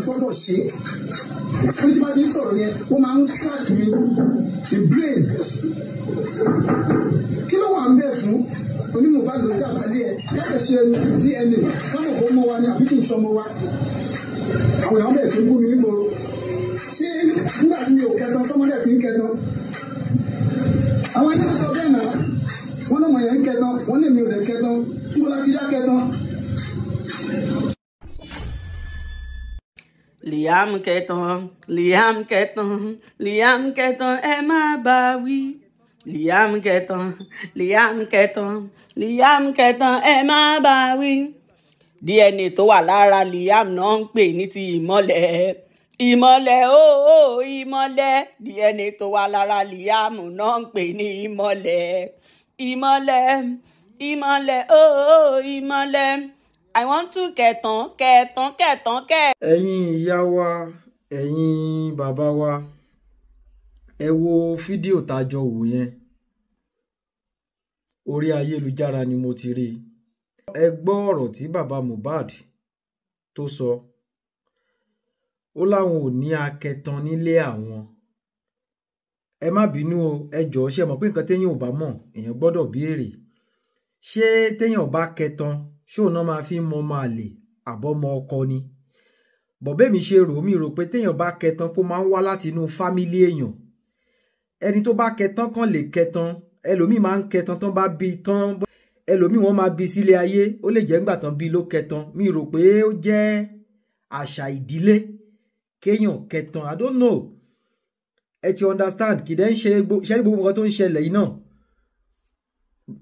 gbọ́dọ̀ ṣe é bí tí wọ́n sọ̀rọ̀ yẹn wọ́n máa ń crack mi the brain kí ló wà ń bẹ̀ fún onímọ̀bá ló dé àbálẹ̀ ẹ̀ láti ṣe DNA káwọn kò mọ wa ni àbí kì í sọmọ wa àwọn èèyàn bẹ̀rẹ̀ sí ń bú mi ṣé nígbà tí mi ò kẹtan tọmọdé fi ń kẹtan àwọn ẹni sọ bẹ́ẹ̀ náà wọ́n lọ́mọ yẹn ń kẹtan wọ́n lè mi ò lè kẹtan tí mo láti dá kẹtan. Liam Keton, Liam Keton, Liam Keton ẹ ma bá wí. Liam Keton, Liam Keton, Liam Keton ẹ ma bá wí. DNA tó wà lára Liam náà pe ni ní imole ìmọ̀lẹ̀ oh ooo ìmọ̀lẹ̀ DNA tó wà lára Liam náà ń pè ní ìmọ̀lẹ̀ imole oh oh imole. I want to kẹ̀tàn kẹ̀tàn kẹ̀tàn kẹ̀. ẹ̀yin ìyá wa ẹ̀yin bàbá wa ẹ wo fídíò tá a jọ wò yẹn orí ayélujára ni mo ti rí i ẹ gbọ́ ọ̀rọ̀ tí bàbá Mohbad tó sọ ó láwọn ò ní akẹtan nílé àwọn ẹ má bínú o ẹ jọ̀ọ́ ṣe mọ̀ pé nǹkan téèyàn ò bá mọ̀ èèyàn gbọ́dọ̀ béèrè ṣé téèyàn bá kẹtan ṣóò náà máa fi ń mọ ọmọ àlè àbọ́mọ ọkọ ni bọ̀bẹ́ mi ṣe rò mí rò pé téèyàn bá kẹtan kó máa ń wá láti inú fámílì èèyàn ẹni tó bá kẹtan kan lè kẹtan ẹlòmíì máa ń kẹtan tán bá bi tán ẹlòmíì wọ́n máa bi sílé ayé ó lè jẹ́ ńgbà tán bí ló kẹtan mi rò pé ó jẹ́ àṣà ìdílé kéèyàn kẹtan i don't know ẹ ti understand kì í dẹ́ ń ṣe gbogbo nǹkan tó ń ṣẹlẹ̀ yìí náà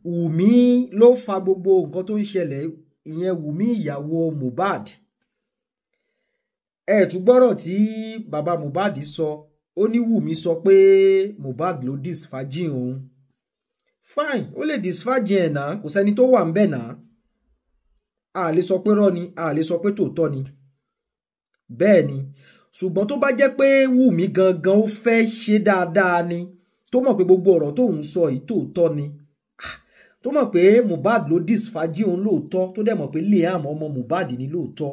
Wùmí ló fa gbogbo nǹkan tó ń ṣẹlẹ̀ ìyẹn Wùmí ìyàwó Mohbad ẹ tún gbọ́rọ̀ tí bàbá Mohbad sọ ó ní Wùmí sọ pé Mohbad ló disfagin òun fine ó lè disfagin ẹ̀ náà kò sẹ́ni tó wà ń bẹ̀ náà a lè sọ pé rọ́ ni a lè sọ pé tòótọ́ ni bẹ́ẹ̀ ni ṣùgbọ́n tó bá jẹ́ pé Wùmí gangan ó fẹ́ ṣe dáadáa ni tó mọ̀ pé gbogbo ọ̀rọ̀ tóun sọ yìí tòótọ́ ni tó mọ̀ pé Mohbad ló disfají òun lóòótọ́ tó dẹ̀ mọ̀ pé Liam ọmọ Mohbad ní lóòótọ́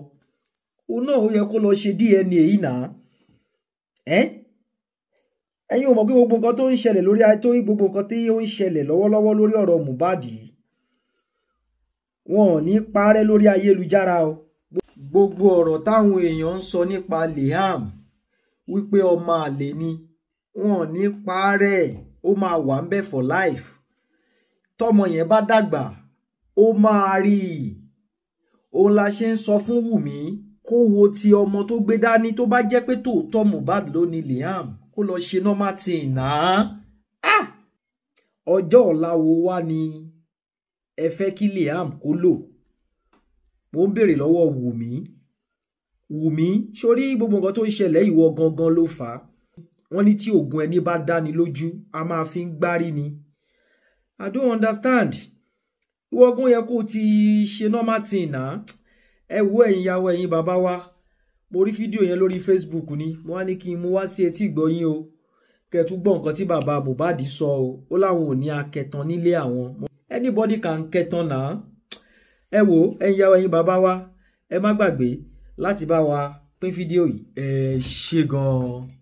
òun náà ó yẹ kó lọ ṣe DNA yìí náà ẹ́ ẹ̀yin ò mọ̀ pé gbogbo nǹkan tó ń ṣẹlẹ̀ lórí tó gbogbo nǹkan tí ó ń ṣẹlẹ̀ lọ́wọ́lọ́wọ́ lórí ọ̀rọ̀ Mohbad yìí wọn ò ní parẹ́ lórí ayélujára o gbogbo ọ̀rọ̀ táwọn èèyàn ń sọ nípa Liam wípé ọmọ àlè ni wọn ò ní parẹ́ ó máa wà ń bẹ̀ for life tọmọ yẹn bá dàgbà ó máa rí i òun la ṣe ń sọ fún Wùmí kó wo ti ọmọ tó gbé dání tó bá jẹ́ pé tòótọ́ Mohbad ló ní Liam kó lọ ṣe normal thing náà ah! ọjọ́ ọ̀la wo wá ni ẹ fẹ́ kí Liam kó lò mo ń béèrè lọ́wọ́ Wùmí Wùmí sórí gbogbo nǹkan tó ń ṣẹlẹ̀ ìwọ gangan ló fà á wọ́n ní tí oògùn ẹni bá dáni lójú a máa fi ń gbárí ni. I don't understand ìwọ ọgbọ́n yẹ kó o ti ṣe normal thing náà ẹ wo ẹ̀yin ìyàwó ẹ̀yin bàbá wa mo rí fídíò yẹn lórí Facebook ni mo wá ní kí n mú wá sí etí ìgbọ́ yín o kẹtù gbọ́ nǹkan tí bàbá Mohbad sọ o ó láwọn ò ní akẹtan nílé àwọn anybody can kẹtan náà ẹ wo ẹ̀yin ìyàwó ẹ̀yin bàbá wa ẹ má gbàgbé láti bá wa pín fídíò yìí ẹ ṣé gan-an.